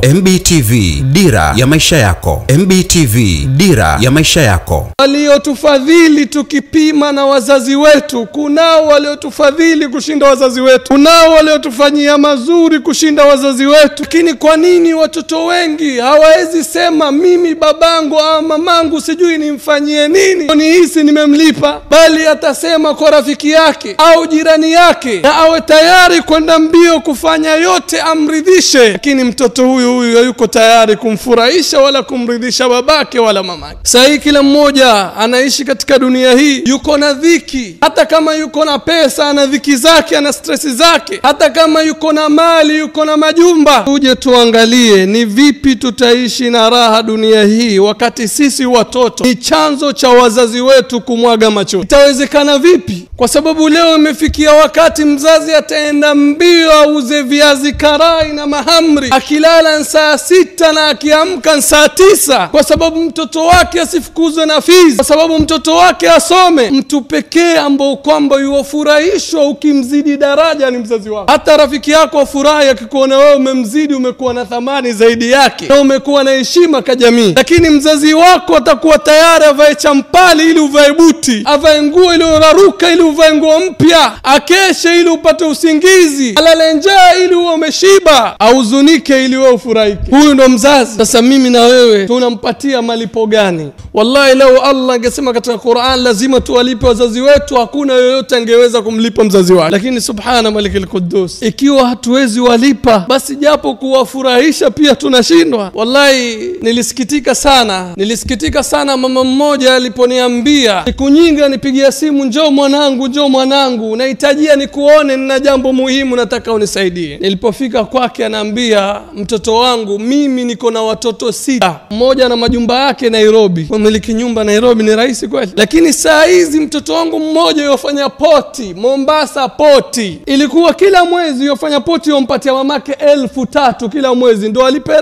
yako. MBTV, dira ya maisha yako. MBTV, dira ya maisha yako. Waliotufadhili tukipima na wazazi wetu, kunao waliotufadhili kushinda wazazi wetu, kunao waliotufanyia mazuri kushinda wazazi wetu. Lakini kwa nini watoto wengi hawawezi sema mimi babangu ama mamangu sijui nimfanyie nini nihisi nimemlipa, bali atasema kwa rafiki yake au jirani yake, na awe tayari kwenda mbio kufanya yote amridhishe, lakini mtoto huyo huyu huyu hayuko tayari kumfurahisha wala kumridhisha babake wala mamake. Sahii kila mmoja anaishi katika dunia hii, yuko na dhiki. Hata kama yuko na pesa, ana dhiki zake, ana stresi zake. Hata kama yuko na mali, yuko na majumba. Tuje tuangalie ni vipi tutaishi na raha dunia hii, wakati sisi watoto ni chanzo cha wazazi wetu kumwaga macho. Itawezekana vipi? Kwa sababu leo imefikia wakati mzazi ataenda mbio auze viazi karai na mahamri, akilala saa sita na akiamka saa tisa kwa sababu mtoto wake asifukuzwe na fizi, kwa sababu mtoto wake asome. Mtu pekee ambao kwamba yuwafurahishwa ukimzidi daraja ni mzazi wako. Hata rafiki yako afurahi akikuona wewe umemzidi, umekuwa na thamani zaidi yake na umekuwa na heshima ka jamii. Lakini mzazi wako atakuwa tayari avae champali ili uvae buti, avae nguo iliyoraruka ili uvae nguo mpya, akeshe ili upate usingizi, alale njaa ili uwe umeshiba, auzunike ili wewe usifurahike. Huyu ndo mzazi. Sasa mimi na wewe tunampatia malipo gani? Wallahi, lau Allah angesema katika Qur'an lazima tuwalipe wazazi wetu, hakuna yoyote angeweza kumlipa mzazi wake. Lakini subhana malikil quddus, ikiwa hatuwezi walipa, basi japo kuwafurahisha pia tunashindwa. Wallahi nilisikitika sana, nilisikitika sana mama mmoja aliponiambia siku nyingi anipigia simu, njoo mwanangu, njoo mwanangu, nahitajia nikuone, nina jambo muhimu, nataka unisaidie. Nilipofika kwake, anaambia mtoto wangu mimi niko na watoto sita, mmoja na majumba yake Nairobi. Kumiliki nyumba Nairobi ni rahisi kweli? Lakini saa hizi mtoto wangu mmoja yofanya poti Mombasa poti, ilikuwa kila mwezi yofanya poti yompatia mamake elfu tatu kila mwezi, ndo alipe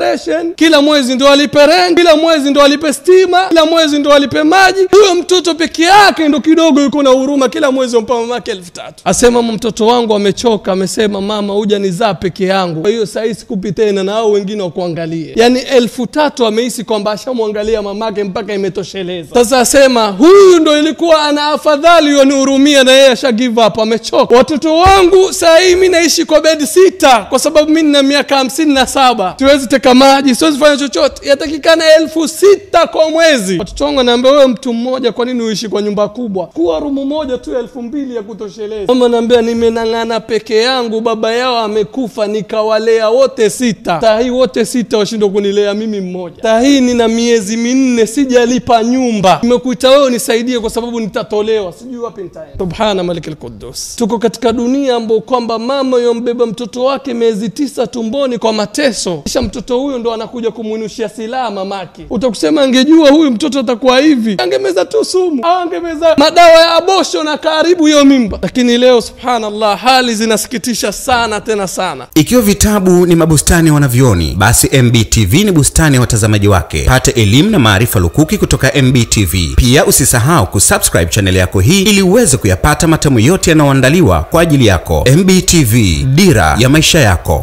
kila mwezi, ndo alipe ren kila mwezi, ndo alipe stima kila mwezi, ndo alipe maji. Huyo mtoto peke yake ndo kidogo yuko na huruma, kila mwezi yompa mamake elfu tatu. Asema mtoto wangu amechoka, amesema mama, huja zaa peke yangu, kwa hiyo saa hii sikupi tena na au wengine wakuangalie. Yaani elfu tatu amehisi kwamba ashamwangalia mamake mpaka imetosheleza. Sasa asema huyu ndo ilikuwa ana afadhali wanihurumia, na yeye asha give up, amechoka. Watoto wangu saa hii mi naishi kwa bed sita kwa sababu mi nina miaka hamsini na saba siwezi teka maji, siwezi fanya chochote, yatakikana elfu sita kwa mwezi. Watoto wangu anaambia wewe mtu mmoja, kwa nini uishi kwa nyumba kubwa? Kuwa rumu moja tu elfu mbili ya kutosheleza. Mama anaambia nimenang'ana peke yangu, baba yao amekufa, nikawalea wote sita Tahi wote sita washindwa kunilea mimi mmoja. tahini na nina miezi minne sijalipa nyumba, nimekuita wewe unisaidie kwa sababu nitatolewa, sijui wapi nitaenda. Subhana malikil quddus. Tuko katika dunia ambao kwamba mama yombeba mtoto wake miezi tisa tumboni kwa mateso, kisha mtoto huyo ndo anakuja kumwinushia silaha mamake. Utakusema angejua huyu mtoto atakuwa hivi, angemeza tu sumu au angemeza madawa ya abosho na karibu hiyo mimba. Lakini leo subhanallah, hali zinasikitisha sana tena sana. Ikiwa vitabu ni mabustani wanavyoni bustani, basi MBTV ni bustani ya watazamaji wake. Pata elimu na maarifa lukuki kutoka MBTV. Pia usisahau kusubscribe chaneli yako hii ili uweze kuyapata matamu yote yanayoandaliwa kwa ajili yako. MBTV, dira ya maisha yako.